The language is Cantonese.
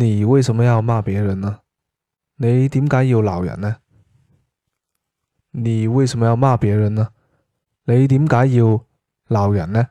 你為什麼要罵別人呢？你點解要鬧人呢？你為什麼要罵別人呢？你點解要鬧人呢？